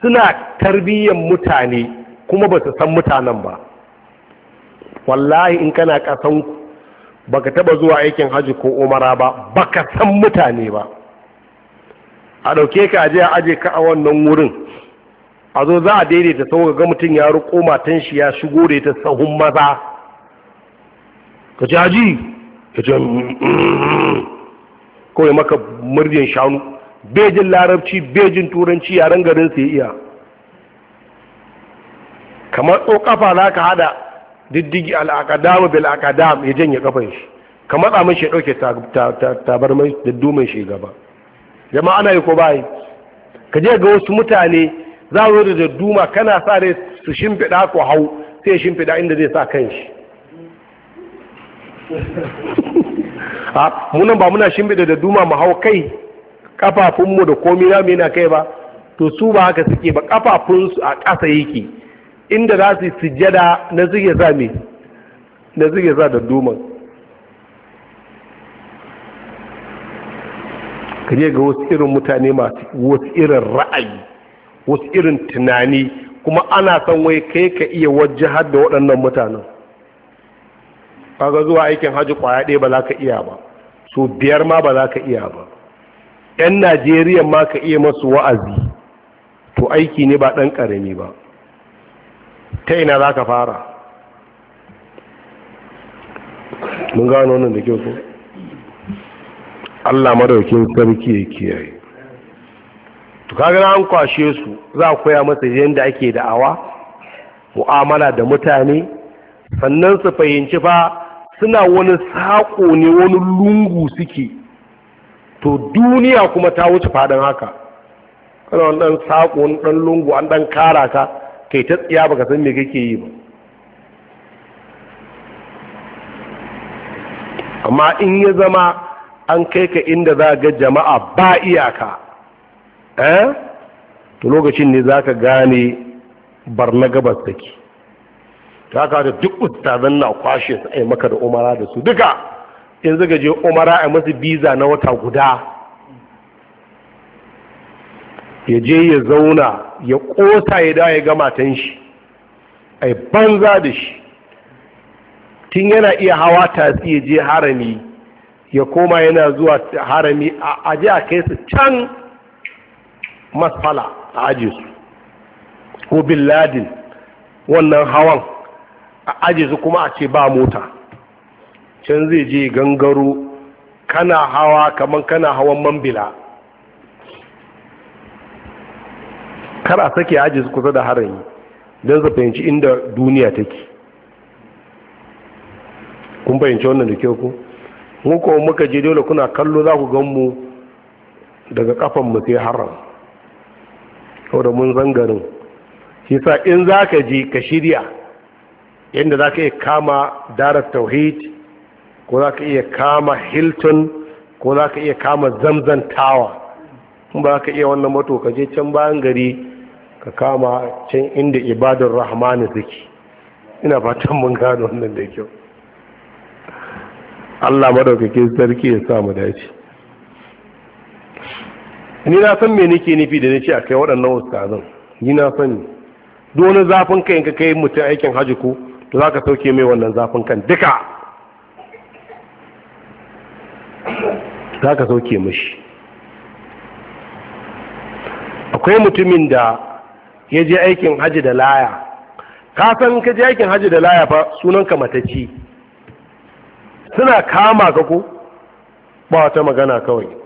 suna tarbiyyar mutane kuma ba su san mutanen ba wallahi in kana kasan baka taba zuwa aikin hajji ko umara ba baka san mutane ba a ɗauke ka aje a aje ka a wannan wurin a zo za a daidaita sau ga mutum ya riko matan shi ya shigo da ita sahun maza ka ji haji ka ji mm, mm, mm, kawai maka muryan shanu bejin larabci bejin turanci yaren garin sai iya kamar kafa za ka hada diddigi al'akadamu bil akadam ya janye kafan shi kamar tsamin shi dauke tabar mai daddumin shi gaba jama'a ana yi ko bayi ka je ga wasu mutane za zo da dadduma kana sa ne su shimfiɗa ku hau sai shimfiɗa inda zai sa kan shi munan ba muna shimfiɗa dadduma mu hau kai ƙafafunmu da komi na yana kai ba to su ba haka suke ba ƙafafunsu a ƙasa yake inda za su sujjada na zuge za me na za sa dadduman kaje ga wasu irin mutane masu wasu irin ra'ayi wasu irin tunani kuma ana son wai kai ka iya wajen da waɗannan mutanen kaga zuwa aikin hajji kwaya ɗaya ba za ka iya ba su biyar ma ba za ka iya ba yan najeriya ma ka iya masu wa'azi to aiki ne ba ɗan ƙarami ba ta ina za ka fara mun gano nan da kyau ko Allah madaukin sarki ya kiyaye to kaga an kwashe su za a koya masa yadda ake da'awa mu'amala da mutane sannan su fahimci fa suna wani saƙo ne wani lungu suke to duniya kuma ta wuce fadin haka kana wani ɗan saƙo wani ɗan lungu an ɗan kara ka kai ta tsiya baka san me kake yi ba amma in ya zama an kai ka inda za ga jama'a ba iyaka Eh? to lokacin ne za ka gane na gabas take ta kada duk ustazan na kwashe su ai maka da umara da su duka in zaka je umara a masu biza na wata guda ya je ya zauna ya kosa ya da ya ga matan shi ai banza da shi tun yana iya hawa tasi ya je harami ya koma yana zuwa harami a aji a kai su can masfala a aji su ko bin ladin wannan hawan a aji su kuma a ce ba mota can zai je gangaro kana hawa kamar kana hawan mambila kar a sake aji su kusa da harami don su fahimci inda duniya take kun fahimci wannan da kyau ku muka muka je dole kuna kallo za ku gan mu daga kafan mu sai haram saboda mun zangarin shi sa in za ka ji ka shirya yadda za ka iya kama darar tauhid ko za ka iya kama hilton ko za ka iya kama zamzan tawa in ba ka iya wannan mato ka je can bayan gari ka kama can inda ibadar rahmanu Zaki, ina fatan mun gano wannan da kyau Allah madaukake sarki ya samu dace ni na san me nake nufi da nace akai waɗannan ustazan ni na sani duk wani zafin kai ka kai mutum aikin hajji ko to ka sauke mai wannan zafin kan duka Za ka sauke mashi akwai mutumin da ya je aikin hajji da laya ka san ka je aikin hajji da laya fa sunan ka matacci suna kama ka ko ba wata magana kawai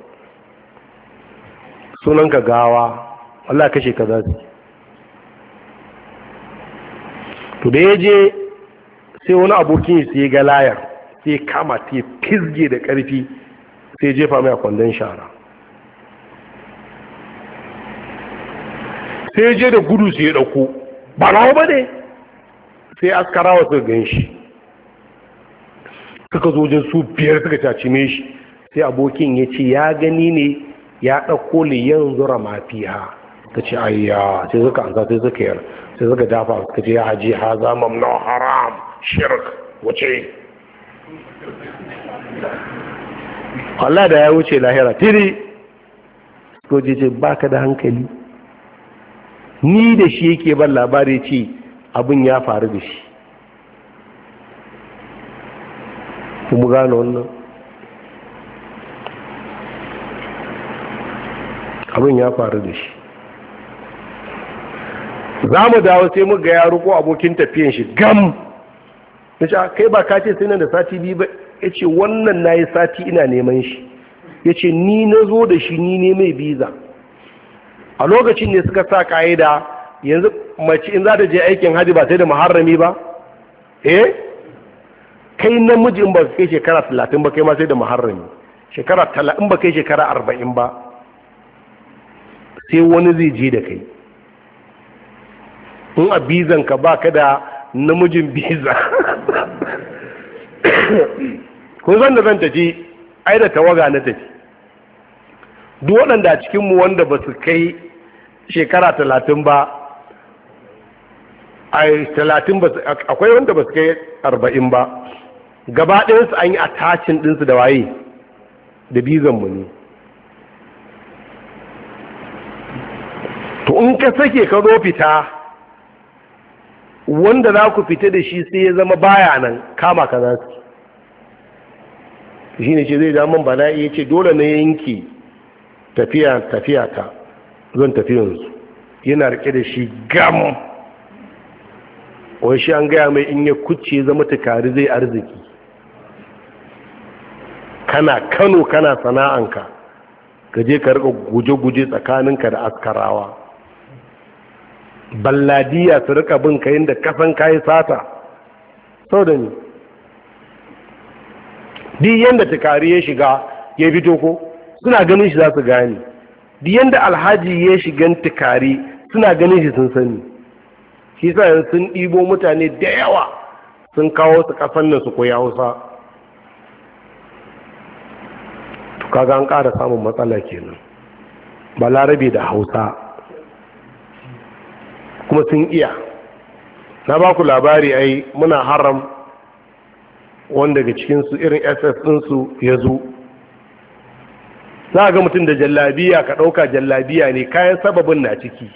sunanka gawa Allah kashe ka zaci to da ya je sai wani abokin sai ga layar sai kama sai fizge da ƙarfi sai jefa mai a kwandon shara sai je da gudu sai ya ɗauko ba nawa ba ne sai askarawa suka gan shi suka zojin su biyar suka cacime shi sai abokin ya ce ya gani ne ya ɗauko liyan zura mafiha ta ce ayya sai suka an sai suka yar sai suka dafa suka ce ya haji ha za mamnu haram shirk wuce Allah da ya wuce lahira tiri ko je ba ka da hankali ni da shi yake ban labari ce abin ya faru da shi kuma gano wannan abin ya faru da shi za mu dawo sai mu ga ya ko abokin tafiyan shi gam na kai ba ka ce sai nan da sati biyu ba ya ce wannan na yi sati ina neman shi ya ce ni na zo da shi ni ne mai biza a lokacin ne suka sa ka'ida yanzu mace in za ta je aikin hajji ba sai da muharrami ba eh kai namiji in ba kai shekara talatin ba kai ma sai da muharrami shekara talatin ba kai shekara arba'in ba sai wani zai je da kai in a bizan ka ka da namijin biza kun san da zan tafi ai da tawaga na tafi duk waɗanda a cikinmu wanda ba su kai shekara talatin ba talatin ba akwai wanda ba su kai arba'in ba gaba ɗayansu an yi tashin ɗinsu da waye da bizanmu ne to in ka sake ka zo fita wanda za ku fita da shi sai ya zama baya nan kama ka za su shi ne ce zai daman bala'i ya ce dole na yanki tafiya tafiya ta zan yanzu. yana rike da shi gam wai shi an gaya mai in ya kuce zama tukari zai arziki kana kano kana sana'anka ka je ka rika guje-guje tsakaninka da askarawa balladiya su rika bin ka da kasan kayi sata sau da ni di yadda tukari ya shiga ya fito ko suna ganin shi za su gane di yadda alhaji ya shigan tukari suna ganin shi sun sani shi sa sun ɗibo mutane da yawa sun kawo su kasan nan su koya hausa tukaga an ƙara samun matsala kenan balarabe da hausa kuma sun iya na ba ku labari ai muna haram wanda daga cikinsu irin ss ɗinsu ya zo za ga mutum da jallabiya ka ɗauka jallabiya ne kayan sababin na ciki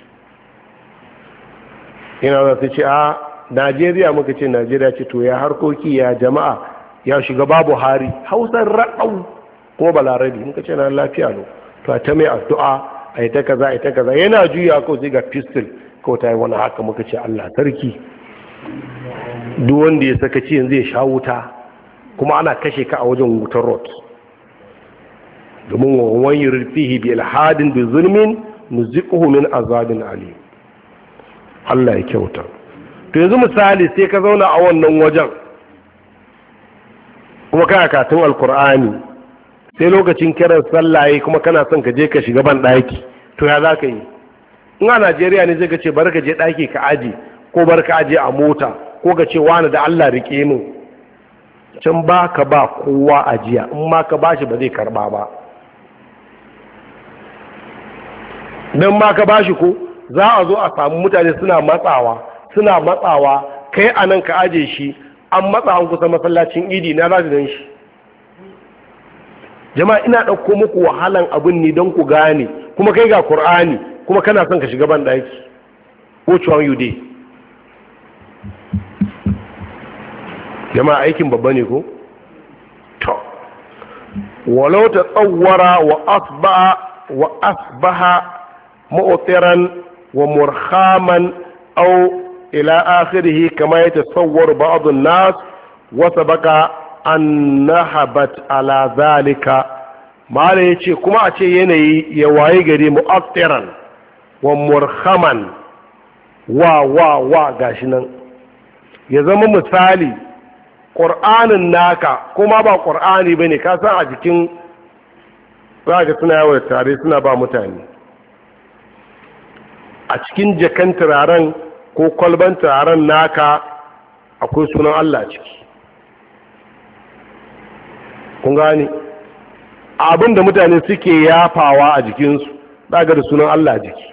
yana za su ce a najeriya muka ce najeriya ce to ya harkoki ya jama'a ya shiga babu hari hausar raɗau kuma balarabi muka ce na lafiya no to a ta mai addu'a a yi ta kaza a yi ta kaza yana juya ko sai ga pistol kawai ta yi wani haka muka ce allah tarki duk wanda ya saka yanzu ya sha wuta kuma ana kashe ka a wajen wutar rot domin wawan yi rufihi bi alhadin mu zulmin nuziquhu min azabin ali allah ya kyauta to yanzu misali sai ka zauna a wannan wajen kuma kana katun alkur'ani sai lokacin kiran sallaye kuma kana son ka je ka shiga ban ɗaki to ya za ka yi in a najeriya ne zai ga ce bar ka je ɗaki ka aji ko bar ka aje a mota ko ga ce wani da allah rike min can ba ka ba kowa ajiya in ma ka bashi ba zai karba ba don ma ka bashi ko za a zo a samu mutane suna matsawa suna matsawa kai a nan ka aje shi an matsa an kusa masallacin idi na za gan shi jama'a ina ɗauko muku wahalan abin ne don ku gane kuma kai ga Kur'ani. kuma kana son ka shiga ban daki which one you dey jama'a aikin babba ne ko to walau ta tsawara wa asbaha wa asbaha mu'tiran wa murhaman aw ila akhirih kama yatasawwar ba'd an-nas wa sabaka annahabat ala zalika mala yace kuma a ce yanayi ya waye gare mu'tiran wa murhaman wa wa wa gashi nan ya zama misali ƙur'anin naka kuma ba ƙur'ani ba ne ka san a jikin za suna yawon tare suna ba mutane a cikin jakan turaren ko kwalban turaren naka akwai sunan Allah ciki kun gani abin da mutane suke yafawa a jikinsu daga da sunan Allah jiki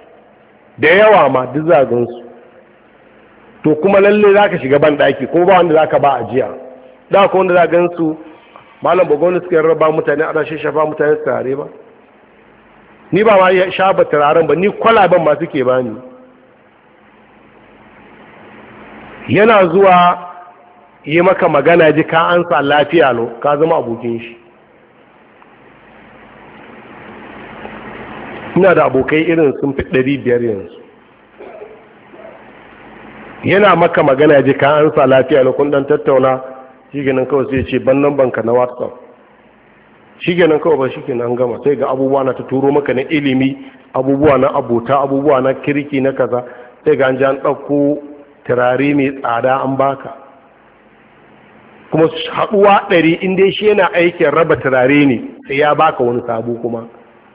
da yawa ma duk zagansu to kuma lalle za ka shiga ban ɗaki ko ba wanda za ka ba ajiya da ko wanda za gan su malam bagonu suka raba mutane ana shafa mutane su tare ba ni ba ma sha shafa turaren ba ni kwalaben ma suke ba ni yana zuwa yi maka magana ji ka an sa lafiya lo ka zama abokin shi ina da abokai irin sun fi ɗari biyar yanzu yana maka magana ya ji ka an sa lafiya na kun dan tattauna shi ganin kawai sai ce ban nan banka na whatsapp shi ganin kawai ba shi ke nan gama sai ga abubuwa na ta turo maka na ilimi abubuwa na abota abubuwa na kirki na kaza sai ga an ji an ɗauko turare mai tsada an baka kuma haɗuwa ɗari inda shi yana aikin raba turare ne sai ya baka wani sabo kuma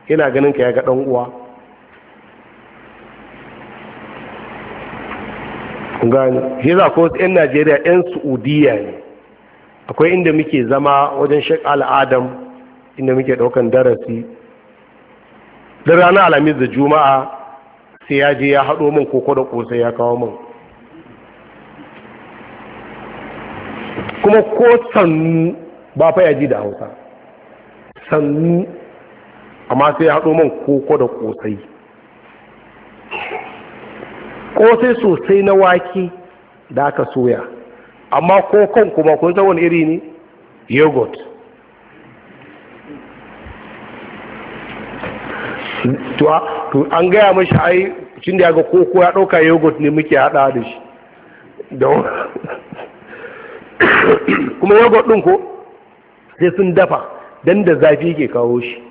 yana ganin ka ya ga ɗan uwa gani shi za ko wasu 'yan najeriya 'yan saudiya ne akwai inda muke zama wajen shek al'adam inda muke ɗaukan darasi da ranar alamis da juma'a sai ya je ya haɗo min koko da ƙosai ya kawo min kuma ko sannu ba fa ya ji da hausa sannu amma sai ya man koko da kosai kosai sosai na wake da aka soya amma kokon kuma kun san wani iri ne yogurt to an gaya mashi ai cin da ya ga koko ya ɗauka yogurt ne muke haɗa da shi kuma yogurt ɗin ko sai sun dafa don da zafi ke kawo shi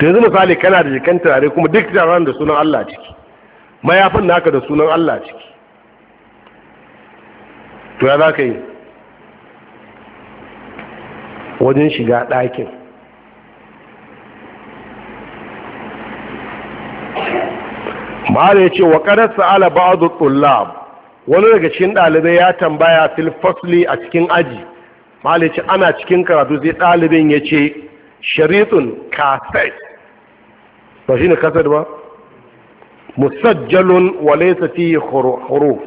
ta yanzu misali kana da jikan turare kuma duk turaren da sunan Allah ciki mayafin naka da sunan Allah ciki to ya za ka yi wajen shiga ɗakin ba da ya ce wa ƙararsa ala ba'adu tsullab wani daga cikin ɗalibai ya tambaya filfasli a cikin aji ba da ya ce ana cikin karatu zai ɗalibin ya ce sharitun kasai ba shine kasad ba musajjalun wa laysa huruf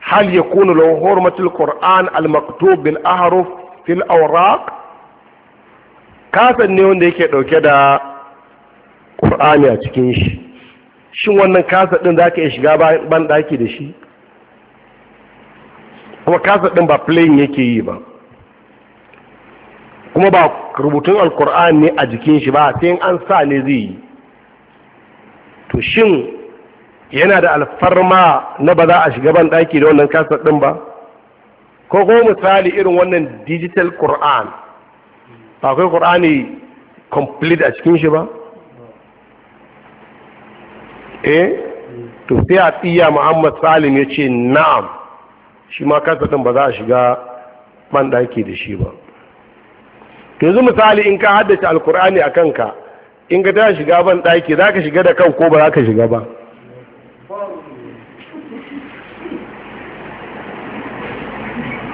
hal yakunu lahu hurmatul qur'an al maktub bil ahruf fil awraq kasar ne wanda yake dauke da qur'ani a cikin shi shin wannan ɗin din zaka iya shiga ban daki da shi kuma kasar din ba playing yake yi ba kuma ba rubutun alkur'an ne a jikin shi ba sai an sa ne zai yi to shin yana da alfarma na ba za a shiga ban ɗaki da wannan kasar ɗin ba ko ko misali irin wannan digital Qur'an ba kai Qur'ani complete a cikin shi ba eh to sai a tsiya Muhammad Salim ya ce na'am shi ma kasar ɗin ba za a shiga ban ɗaki da shi ba yanzu misali in ka haddace alkur'ani a kanka in ka ta shiga ban ɗaki za ka shiga da kan ko ba za ka shiga ba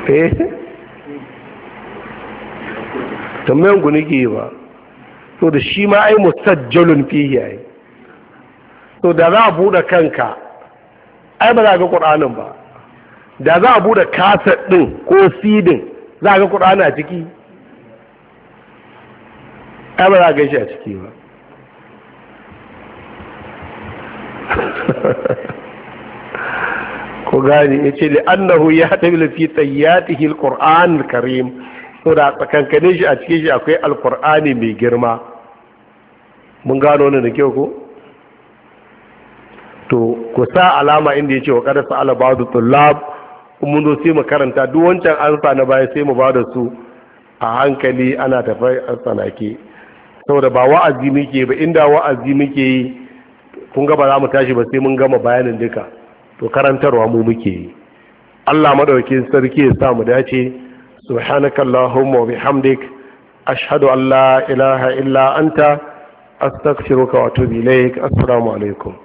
eh? tambayan ku nake ba to da shi ma ai mustajjalun fihi ai to da za a buɗe kanka ai ba za ga ƙur'anin ba da za a buɗe kasar ɗin ko sidin za ga ƙur'ani a ciki ai ba za a gaishe a ciki ba ko gani ya ce Annahu ya tabi fi tayyatihi al-karim to da tsakankanin shi a cikin shi akwai Al-Ƙur'ani mai girma mun gano ne da kyau ko to ku sa alama inda ya ce wa qad sa'ala ba'du tullab mun zo sai mu karanta duk wancan ansa na baya sai mu ba da su a hankali ana tafai a tsanake saboda ba wa'azi muke ba inda wa'azi muke yi kun ga za mu tashi ba sai mun gama bayanin duka to karantarwa mu muke yi Allah madaukakin sarki ya sa mu dace subhanakallahumma wa bihamdik ashhadu an la ilaha illa anta astaghfiruka wa atubu ilaik assalamu alaikum